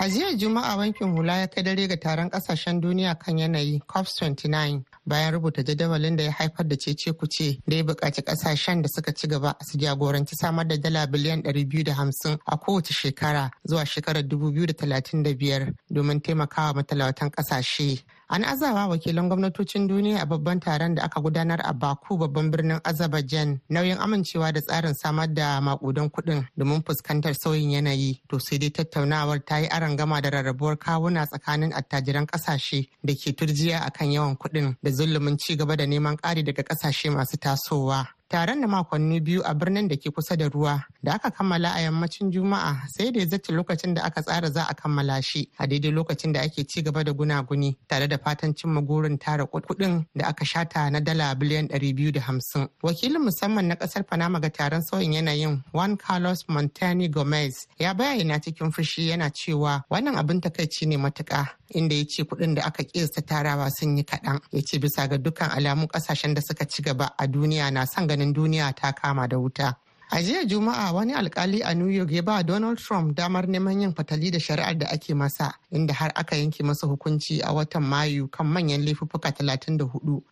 A jiya Juma'a bankin hula ya kai dare ga taron kasashen duniya kan yanayi COP29 bayan rubuta jadawalin da ya haifar da cece kuce da ya buƙaci kasashen da suka ci gaba su jagoranci samar da dala biliyan 250 a kowace shekara zuwa shekarar 2035 domin taimakawa matalautan kasashe. An azawa wakilan gwamnatocin duniya a babban taron da aka gudanar a Baku babban birnin Azerbaijan nauyin amincewa da tsarin samar da makudan kuɗin domin fuskantar sauyin yanayi. To sai dai tattaunawar ta yi gama da rarrabuwar kawuna tsakanin attajiran ƙasashe da ke turjiya akan yawan kuɗin da zulumin ci gaba da neman ƙari daga ƙasashe masu tasowa. taron da makonni biyu a birnin da ke kusa da ruwa da aka kammala a yammacin juma'a sai da ya lokacin da aka tsara za a kammala shi a daidai lokacin da ake ci gaba da gunaguni tare da fatan cimma gurin tara kuɗin da aka shata na dala biliyan ɗari biyu da hamsin wakilin musamman na ƙasar panama ga taron sauyin yanayin juan carlos montani gomez ya bayyana cikin fushi yana cewa wannan abin takaici ne matuƙa inda ya ce kuɗin da aka ƙirsa tarawa sun yi kaɗan ya ce bisa ga dukkan alamun ƙasashen da suka ci gaba a duniya na son ganin duniya ta kama da wuta. A jiya Juma'a wani alkali a New York ya ba Donald Trump damar neman yin fatali da shari'ar da ake masa inda har aka yanke masa hukunci a watan Mayu kan manyan laifuffuka 34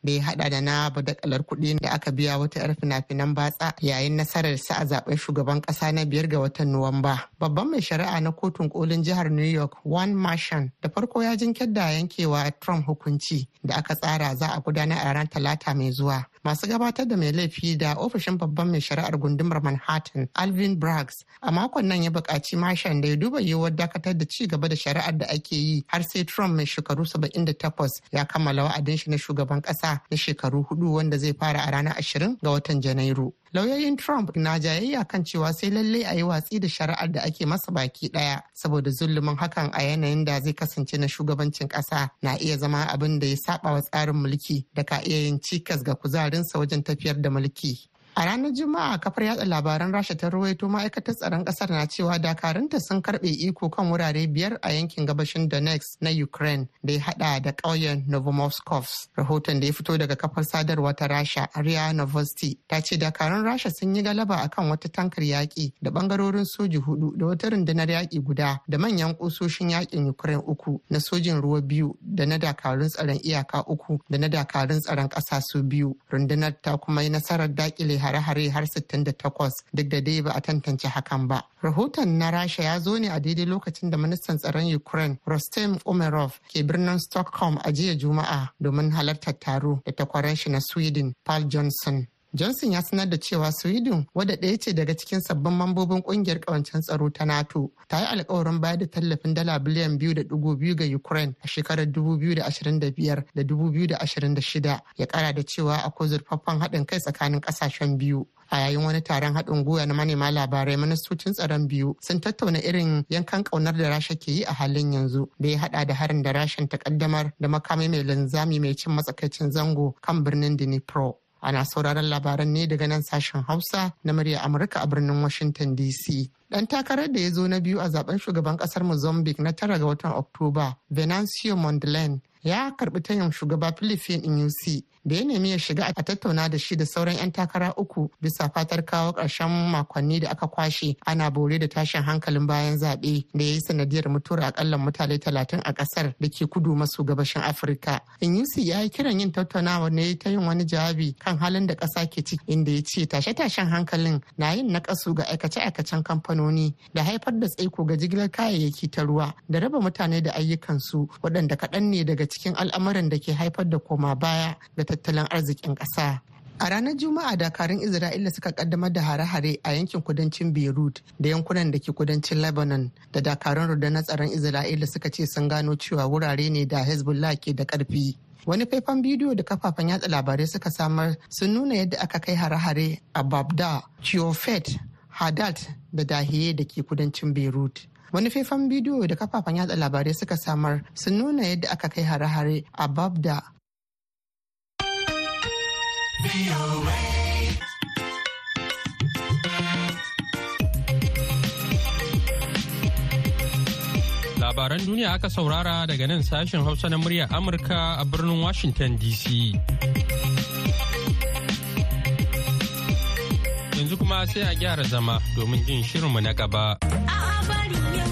da ya hada da na badakalar kuɗi da aka biya wata 'yar fina-finan batsa yayin nasarar sa a zaben shugaban ƙasa na biyar ga watan Nuwamba. Babban mai shari'a na kotun kolin jihar New York, Juan Marshan, da farko ya jinkirta yankewa Trump hukunci da aka tsara za a gudanar a ranar Talata mai zuwa. masu gabatar da mai laifi da ofishin babban mai shari'ar gundumar manhattan alvin braggs a makon nan ya buƙaci mashan da ya duba yiwuwar dakatar da ci gaba da shari'ar da ake yi har sai trump mai shekaru 78 ya kammala wa'adin shi na shugaban ƙasa na shekaru hudu wanda zai fara a ranar 20 ga watan janairu lauyoyin trump na jayayya kan cewa sai lalle a yi watsi da shari'ar da ake masa baki daya saboda zulumin hakan a yanayin da zai kasance na shugabancin kasa na iya zama abin da ya saba wa tsarin mulki da ka iya yin cikas ga kuzarinsa wajen tafiyar da mulki A ranar Juma'a kafar yatsa labaran Rasha ta ruwaito ma'aikatar tsaron kasar na cewa dakarunta sun karbe iko kan wurare biyar a yankin gabashin Donetsk na Ukraine da ya haɗa da ƙauyen Novomoskovsk. Rahoton da ya fito daga kafar sadarwa ta Rasha Ria Novosti ta ce dakarun Rasha sun yi galaba akan wata tankar yaƙi da ɓangarorin soji hudu da wata rundunar yaƙi guda da manyan ƙusoshin yaƙin Ukraine uku na sojin ruwa biyu da na dakarun tsaron iyaka uku da na dakarun tsaron ƙasa su biyu. Rundunar ta kuma yi nasarar dakile hare-hare har 68 duk da dai ba a tantance hakan ba. Rahoton na Rasha ya zo ne a daidai lokacin da ministan tsaron Ukraine Rostem Umerov ke birnin Stockholm a jiya Juma'a domin halartar taro da takwaran shi na Sweden Paul Johnson. johnson ya sanar da cewa sweden wadda ɗaya ce daga cikin sabbin mambobin ƙungiyar ƙawancen tsaro ta nato ta yi alkawarin bayar da tallafin dala biliyan biyu da biyu ga ukraine a shekarar dubu biyu da ashirin da ya ƙara da cewa akwai zurfaffen haɗin kai tsakanin ƙasashen biyu a yayin wani taron haɗin gwiwa na manema labarai ministocin tsaron biyu sun tattauna irin yankan ƙaunar da rasha ke yi a halin yanzu da ya haɗa da harin da rashin takaddamar da makami mai linzami mai cin matsakaicin zango kan birnin dnipro Ana sauraron labaran ne daga nan sashen Hausa na murya Amurka a birnin Washington DC. Dan takarar da ya zo na biyu a zaben shugaban kasar Mozambique na tara ga watan Oktoba, Venancio Mondlane, ya karɓi tayin shugaba Philippine Inyusi da ya nemi ya shiga a tattauna da shi da sauran 'yan takara uku bisa fatar kawo ƙarshen makonni da aka kwashe ana bore da tashin hankalin bayan zaɓe da ya yi sanadiyar mutuwar akalla mutane talatin a ƙasar da ke kudu maso gabashin afirka inyusi ya yi kiran yin tattaunawa ne ta yin wani jawabi kan halin da ƙasa ke ciki inda ya ce tashe-tashen hankalin na yin nakasu ga aikace-aikacen kamfanoni da haifar da tsaiko ga jigilar kayayyaki ta ruwa da raba mutane da ayyukansu waɗanda kaɗan ne daga cikin al'amuran da ke haifar da koma baya da tattalin arzikin ƙasa. A ranar Juma'a dakarun Isra'ila suka kaddamar da hare-hare a yankin kudancin Beirut da yankunan da ke kudancin Lebanon da dakarun rundunar tsaron Isra'ila suka ce sun gano cewa wurare ne da Hezbollah ke da ƙarfi. Wani faifan bidiyo da kafafen yatsa labarai suka samar sun nuna yadda aka kai hare-hare a Babda, Chiofet, Hadat da Dahiye da ke kudancin Beirut. wani faifan bidiyo da kafafen yatsa labarai suka samar sun nuna yadda aka kai hare-hare a babda Labaran duniya aka saurara daga nan sashen Hausa na muryar Amurka a birnin Washington DC. Yanzu kuma sai a gyara zama domin jin shirinmu na gaba. A'a bari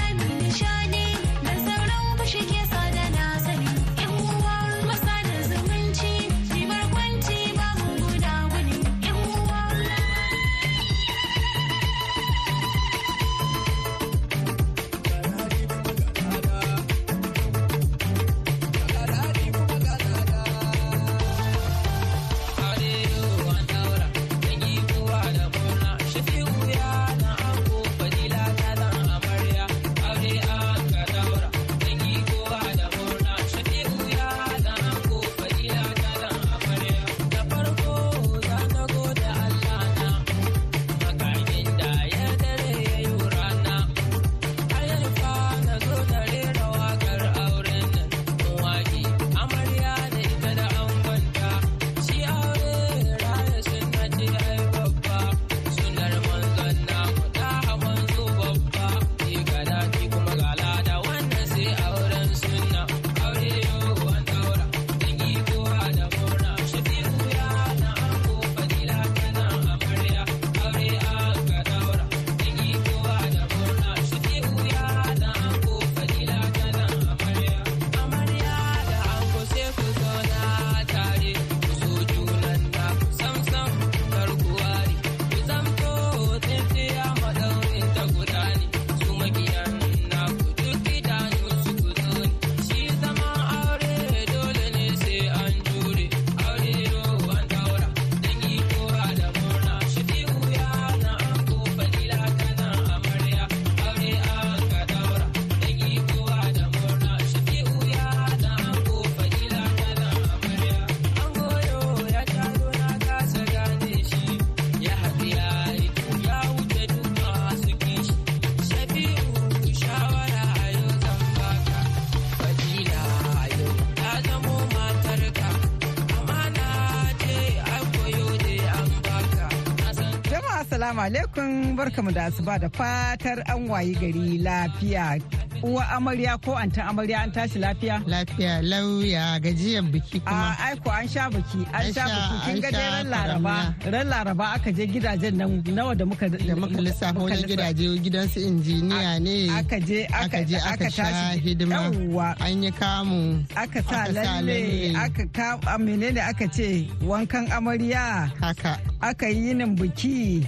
Assalamu alaikum barkamu da asuba da fatar an wayi gari lafiya. Uwa amarya ko an ta amarya an tashi lafiya? Lafiya lauya gajiyan biki kuma. A ah, aiko an sha biki an sha biki kin ga dai ran laraba ran laraba aka je gidajen nan nawa da muka da muka lissafa wani gidaje gidan su injiniya ne. Aka je aka je aka tashi hidima. Yawwa. An yi kamu. Aka sa lalle aka ka menene aka ce wankan amarya. Haka. Aka yi yinin biki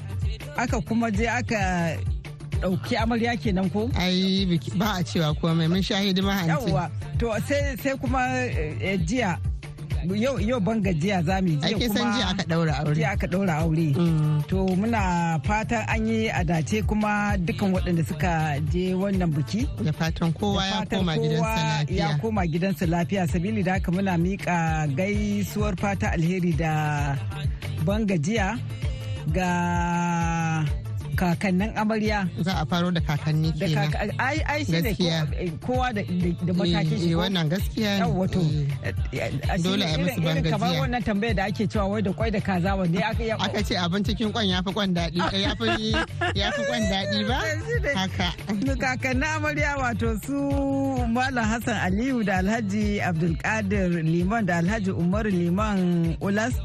aka kuma je aka ɗauki amarya kenan ko? Ai ba a cewa komai mun shahidi hidima hanci. to sai kuma eh, eh, jiya yau yau ban gajiya za mu je kuma san jiya aka daura aure jiya aka daura aure mm. to muna fata an yi adace kuma dukan waɗanda suka je wannan biki da fatan kowa ya koma gidansa lafiya ya koma gidansa lafiya sabili da haka muna mika gaisuwar fata alheri da ban gajiya ga kakannin amarya za a faro da kakanni kenan ai ai shine eh, kowa da da matakin shi eh, eh, wannan gaskiya ne wato dole a musu ban gajiya kamar wannan tambaya da ake cewa wai da kwai da kaza wanne aka ya aka ce abin cikin kwan yafi kwan dadi yafi yafi kwan dadi ba haka kakannin amarya wato su malam hassan aliyu da alhaji abdulkadir liman da alhaji umaru liman ulas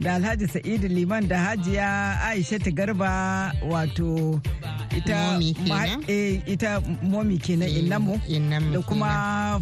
da alhaji sa'idu liman da hajiya aishatu garba wato ita eh, ita momi kenan eh, innamu da kuma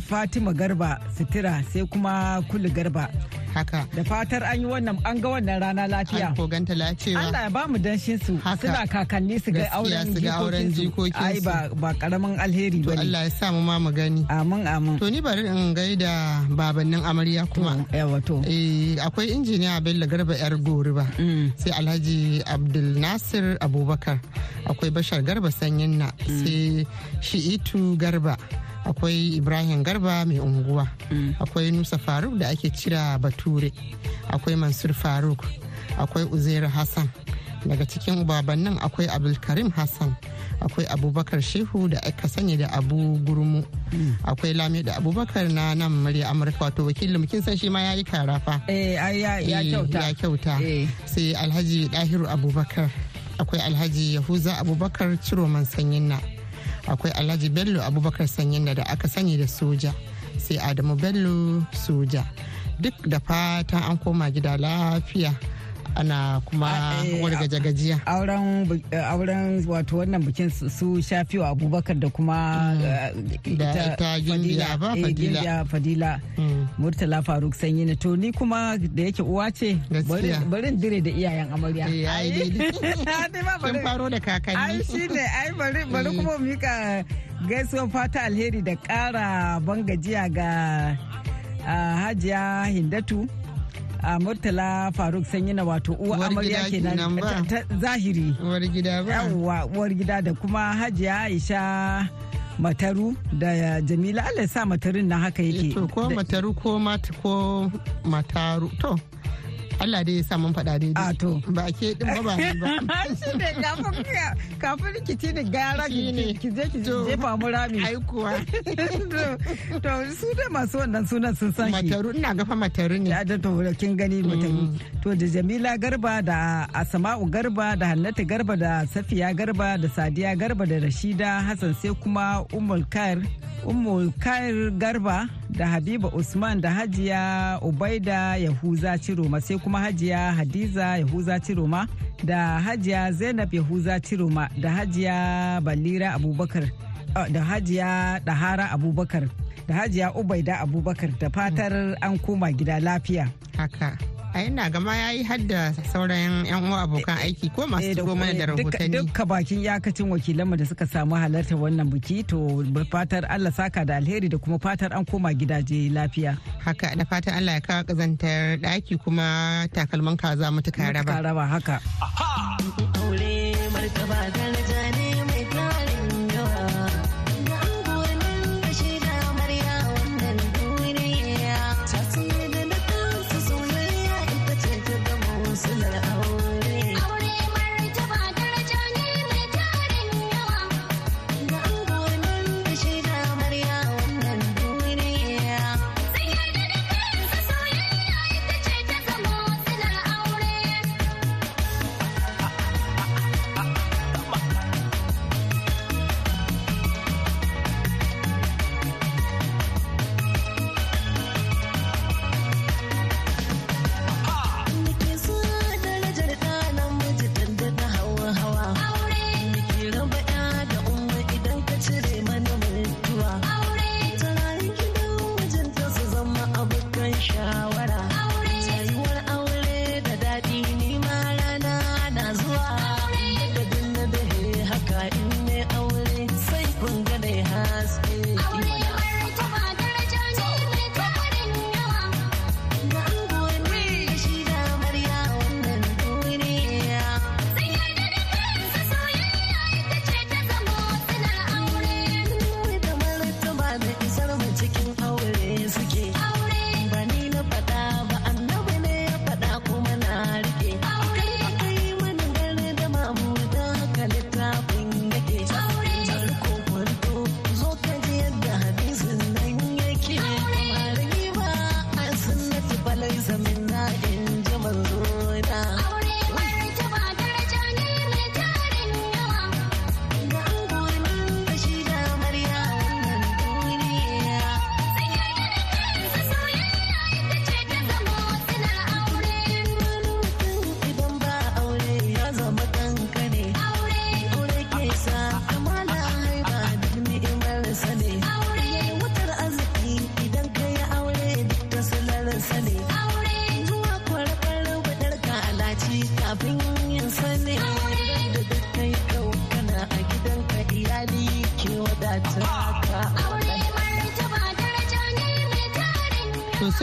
fatima garba sitira sai kuma kulu garba haka da fatar an yi wannan an ga wannan rana lafiya ko ganta lafiya Allah ya bamu danshin su suna kakanni su ga auren jikokin ai ba ba karamin alheri bane to Allah ya sa mu ma mu gani amin amin to ni bari in gaida babannin amarya kuma yawa to eh akwai injiniya Bello garba yar gori ba mm. sai alhaji abdul nasir abubakar akwai bashar garba sanyin na mm. sai shi'itu garba akwai ibrahim garba mai unguwa mm. akwai nusa faruk da ake cira bature akwai mansur faruk akwai uzair hassan daga cikin ubabannin akwai abdulkarim hassan akwai abubakar shehu da aka sanya da abu gurmu akwai lami da abubakar na nan murya amurka wato wakilin kin san shi ma ya yi karafa eh, eh, ya kyauta eh. sai alhaji dahiru abubakar akwai alhaji yahuza abubakar ciroman sanyin na akwai alhaji bello abubakar sanyin da aka sani da soja sai adamu bello soja duk da fatan an koma gida lafiya ana kuma eh, wargaje gajiya eh, auren wato wannan bikin su shafiwa abubakar da kuma mm. eh, ita fadila ba fadila mm. murtala faruk sanyi na to ni kuma da yake uwa ce barin dire da iyayen amarya Kin faro da kakanni ai ne ai bari kuma ka gaisuwa fata alheri da kara bangajiya ga ah, hajiya hindatu a murtala faruk sanyi na wato uwa amarya kenan ta zahiri uwar gida uwar gida da kuma hajiya aisha mataru da jamila allah sa matarin na haka yake eh, to ko mataru ko mata ko mataru to Allah dai ya sa mun faɗa daidai. A to. Ba ke din ba ba ni ba. Shi ne kafin ki rikici ni gara ki je ki je famu rami. Ai kuwa. To su da masu wannan sunan sun san Mataru ina gafa mataru ne. Ya to kin gani mataru. Mm. To da Jamila Garba da Asma'u Garba da Hannatu Garba da Safiya Garba da Sadiya Garba da Rashida Hassan sai kuma Ummul Kar. Ummu Kair Garba da Habiba Usman da Hajiya Ubaida Yahuza Ciroma sai kuma Hajiya Hadiza Yahuza Ciroma da Hajiya Zainab Yahuza Ciroma da Hajiya Balira Abubakar ah, da Hajiya Dahara Abubakar da Hajiya Ubaida Abubakar da fatar an koma gida lafiya. Haka. a yana gama ya yi hadda sauran yan uwa abokan eh, aiki ko masu eh, shigo mana da rahotanni dukka bakin yakacin wakilanmu da suka samu halarta wannan biki to fatar Allah saka da alheri da kuma fatar an koma gidaje lafiya haka da fatan Allah ya kawo kazantar daki kuma takalman kaza mutuka raba raba haka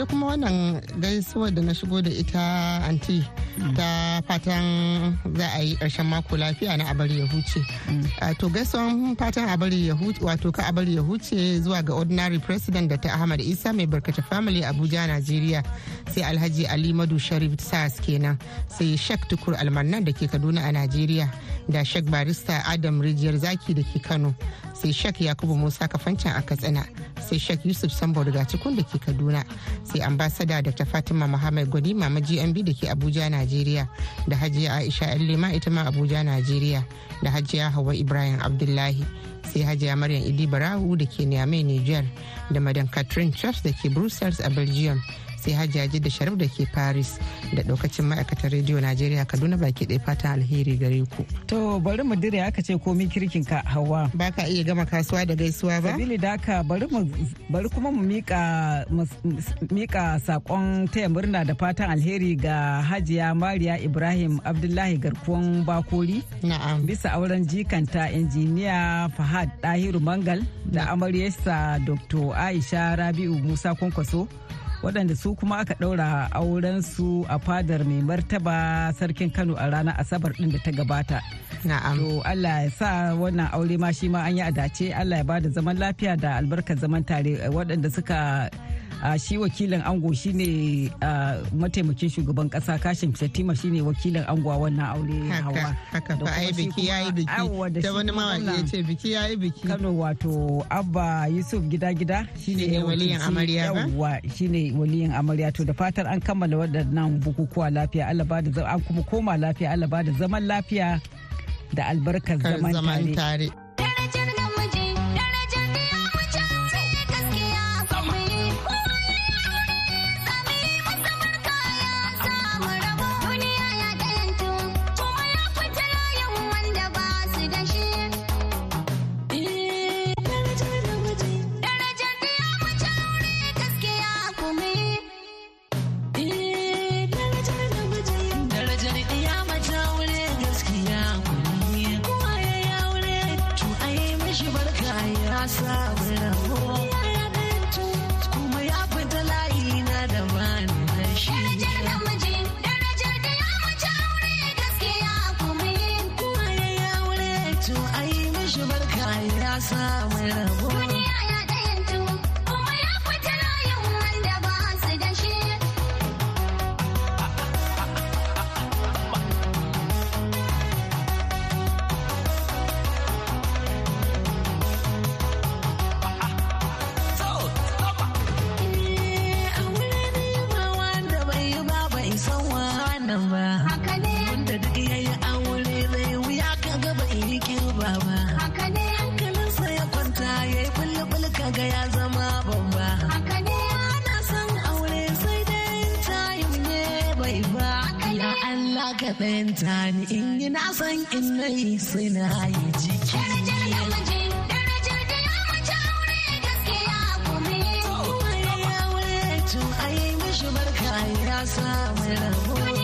kuma wannan gaisuwar da na shigo da ita anti mm. ta fatan za a yi ƙarshen mako lafiya na abari ya huce mm. ah, to gaisuwan fatan abari ya huce wato ka abari ya huce zuwa ga ordinary president da ta ahmad isa mai barkata family abuja nigeria sai alhaji ali madu sharif sars kenan sai shek tukur almannan da ke kaduna a nigeria da shek barista adam rijiyar zaki da ke kano sai shek yakubu musa kafancin a katsina sai shek yusuf sambo daga cikin da ke kaduna sai ambasada da ta fatima muhammad gwani mama gmb da ke abuja najeriya da hajiya aisha lema ita ma abuja najeriya da hajiya hawa ibrahim abdullahi sai hajiya maryam idi barahu da ke niamey niger da madam catherine church da ke brussels a belgium sai hajjaji da sharif da ke paris da daukacin ma'aikatan rediyo najeriya kaduna baki ɗaya fatan alheri gare ku to bari mu dire aka ce komi kirkin ka hawa ba ka iya gama kasuwa da gaisuwa ba sabili da ka bari mu bari kuma mu mika mika sakon taya murna da fatan alheri ga hajiya mariya ibrahim abdullahi garkuwan bakori na'am bisa auren jikanta injiniya fahad dahiru mangal da amaryarsa dr aisha rabi'u musa kwankwaso waɗanda su kuma aka ɗaura auren su a fadar mai martaba sarkin kano a ranar asabar ɗin da ta gabata na'am to Allah ya sa wannan aure ma shi ma an yi a dace Allah ya bada zaman lafiya da albarkar zaman tare eh, waɗanda suka a shi wakilin ango shine mataimakin shugaban kasa kashin shatima shine wakilin ango a wannan aure hawa haka fa ai biki yayi biki da wani mawaki ya ce biki yayi biki Kano wato Abba Yusuf gida gida shine waliyin amarya ba shi shine waliyin amarya to da fatar an kammala waɗannan bukukuwa lafiya Allah ba da an kuma koma lafiya Allah ba da zaman lafiya da albarkar zaman tare I'm me la voy. when I enamoré.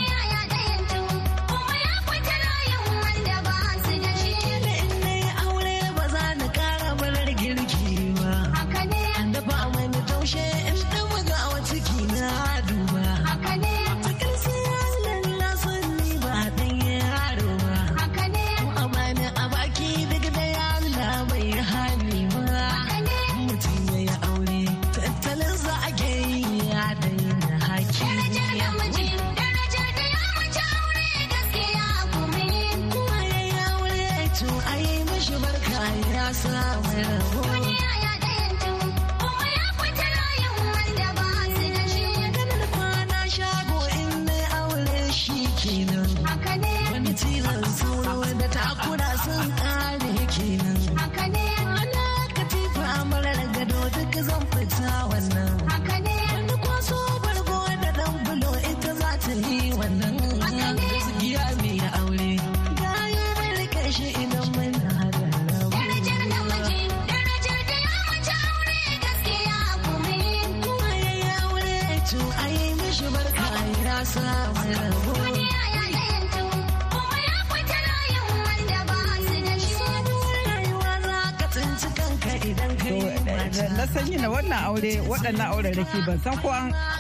san yi na wannan aure waɗannan aure da ke ban san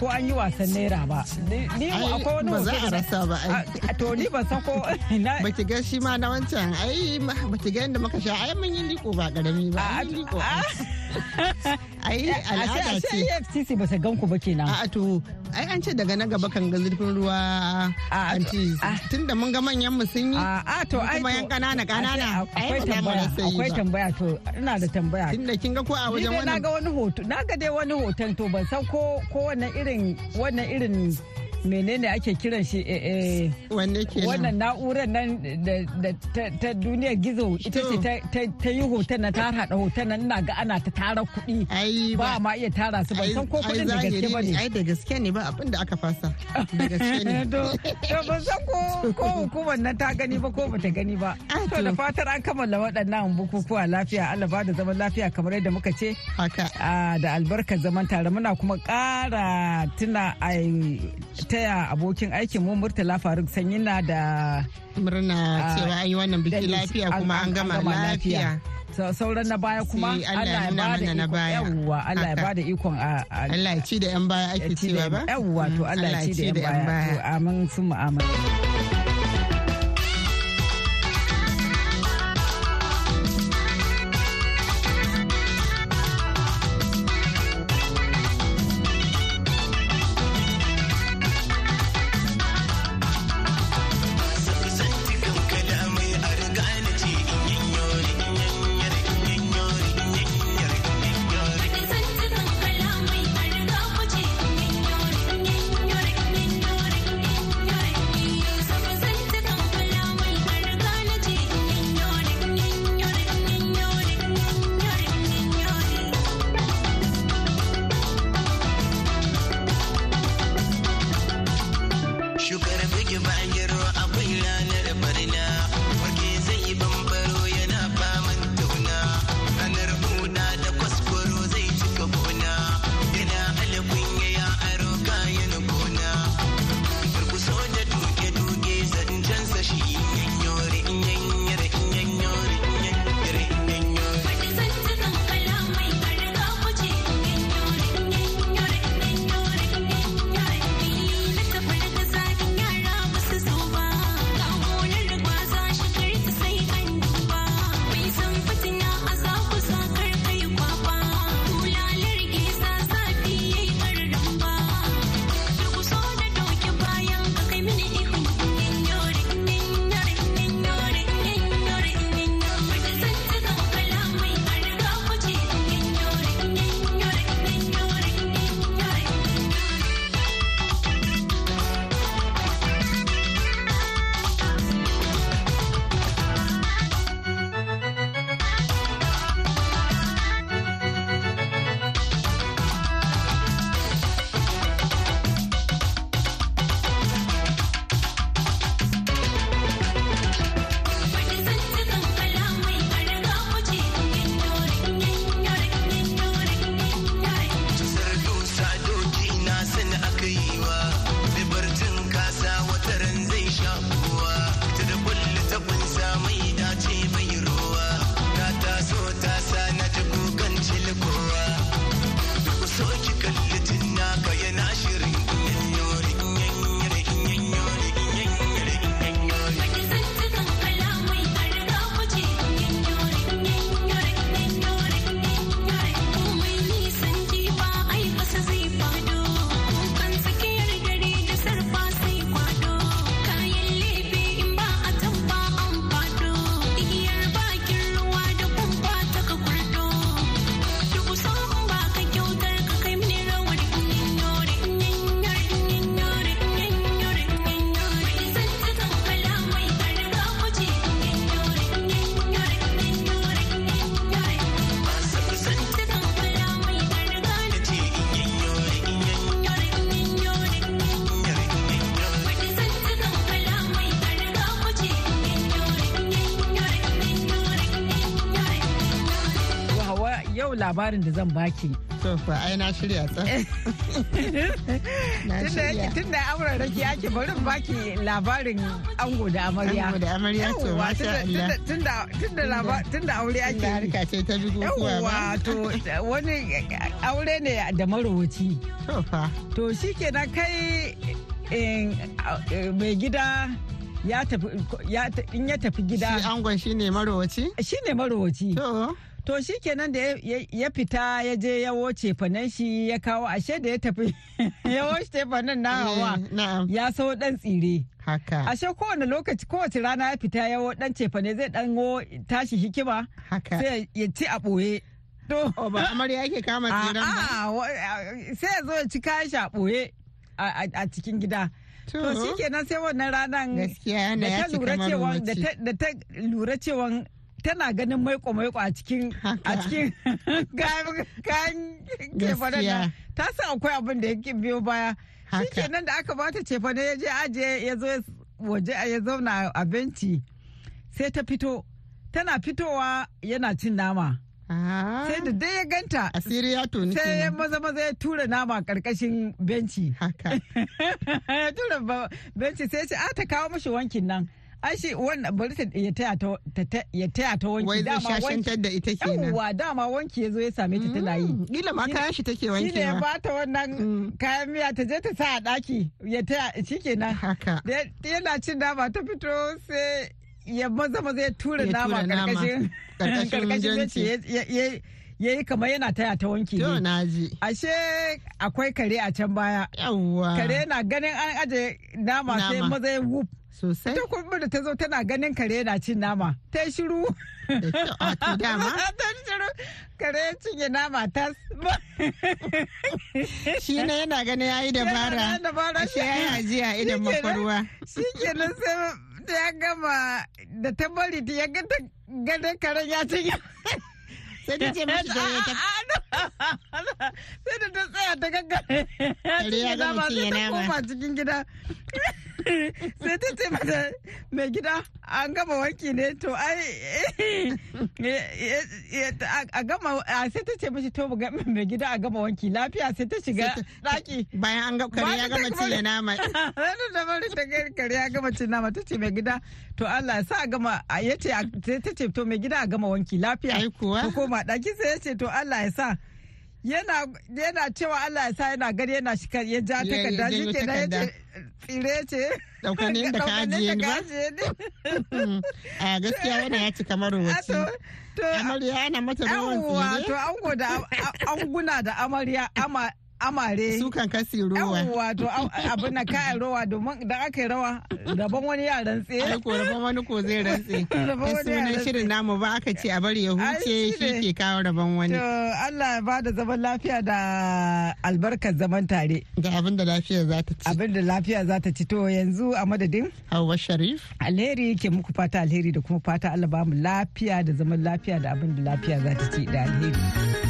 ko an yi wasan naira ba ni akwai wani ba za a rasa ba ai to ni ban san ko ba ki ga shi ma na wancan ai ba ki ga yadda muka sha ai mun yi liko ba ƙarami ba a ai eh, al'ada ce a ce FCC ba sa gan ku ba kenan a to ai an ce daga na gaba kan ga zurfin ruwa an ce da mun ga manyan mu sun yi a to ai kuma yan kanana kanana akwai tambaya akwai tambaya to ina da tambaya Da kin ga ko a wajen wannan na ga wani hoto na ga dai wani hoton to ban san ko ko wannan irin wannan irin menene ake kiran shi eh, eh. wannan na'urar nan ta duniyar gizo ita ce ta yi hoton na ta haɗa hoton nan ina ga ana ta tara kuɗi ba ma iya tara su ban san ko kuɗin da gaske ba ne ai da gaske ne ba abin da aka fasa da gaske ne ba ban san ko ko hukumar nan ta gani ba ko bata gani ba ah, to da fatar an kammala waɗannan bukukuwa lafiya Allah ba da zaman lafiya kamar yadda muka ce haka ah, da albarkar zaman tare muna kuma ƙara tuna a taya abokin aikin mu Murtala Faruk Sanyina da murna ah, cewa an yi wannan biki lafiya kuma an gama lafiya. sauran na baya kuma Allah ya bada na baya yawwa Allah ya bada ikon a Allah ya ci da yan baya ake cewa ba yawwa to Allah ya ci da yan baya to amin sun mu'amala labarin da zan baki. To fa ai na shirya ta. Tunda amurar da ke ake barin baki labarin ango da amarya. Ango da amarya to masha Allah. Tunda aure ake. Da harka ce ta kuwa. ba. to wani aure ne da marowaci. To fa. To shi kenan kai mai gida ya tafi in ya tafi gida. Shi angon shi ne marowaci? Shi ne marowaci. To. to shi kenan da ya fita ya je ya woce fanan shi ya kawo ashe da ya tafi ya woce fanan na eh, hawa ya sau dan tsire haka ashe kowane lokaci kowace rana ya fita ya dan cefane zai dan go tashi hikima Haka. sai ya ci a ɓoye to oh, ba amarya yake kama tsiran ba sai ya zo ya ci kayan shi a ɓoye a cikin gida To shi kenan sai wannan ranar da ta lura cewa tana ganin maiko maiko a cikin a cikin kayan kefanen ta san akwai abin da yake biyo baya shi nan da aka bata cefane ya je aje ya zo waje ya zauna a benci sai ta fito tana fitowa yana cin nama ah. sai da dai ya ganta asiri ya tuni sai ya maza maza ya tura nama karkashin benci haka ya tura benci sai ce a ah, ta kawo mashi wankin nan Ashi wannan bari ya taya ta wanki. Wai zai shashantar da ita kenan. Yawwa dama wanki ya zo ya same ta tana yi. Gila mm, ma kayan shi take wanki. Shi ne ya bata wannan mm. kayan miya ta je ta sa a daki ya taya shi kenan. Haka. Yana cin dama ta fito sai ya maza maza ya tura nama karkashin karkashin ya yi kamar yana taya ta wanki ne. na ji. Ashe akwai kare a can baya. Yawwa. Kare na ganin an aje nama sai maza ya wuf sosai ta kuma da ta zo tana ganin kare yana cin nama ta shiru eh, ta shiru kare ya cinye nama shi ne yana ganin ya yi dabara a shi ya yi ajiya idan makwarwa shi kenan sai ya gama da ta bari ya ganta ganin karen ya cinye sai ta ce mashi da ya sai da ta tsaya ta gaggare kare ya gama sai ta koma cikin gida sai ta ce mata mai gida an gama wanki ne to ai a gama a sai ta ce mashi to ga mai gida a gama wanki lafiya sai ta shiga daki bayan an gama kare ya gama cin nama wani da bari ta kare ya gama cin nama ta ce mai gida to Allah sa a gama ya ce ta ce to mai gida a gama wanki lafiya ai kuwa ko ma daki sai ya ce to Allah ya sa yana cewa Allah ya sa yana gari yana shi ya ja takarda shi ke da yace tsire ce daukanin da ka ajiye ni ba hmm. a gaskiya wani ya ci kamar wasu amarya ana mata rawan tsire to ango da anguna da amarya ama amare su kan kasi rowa wato abin na kayan rowa domin da aka yi rawa rabon wani ya rantse ai ko rabon wani ko zai rantse sunan shirin namu ba aka ce a bari ya huce shi ke kawo rabon wani to Allah ya ba da zaman lafiya da albarkar zaman tare da abin da lafiya za ta ci abin da lafiya za ta ci to yanzu a madadin Hauwa Sharif alheri ke muku fata alheri da kuma fata Allah ba mu lafiya da zaman lafiya da abin da lafiya za ta ci da alheri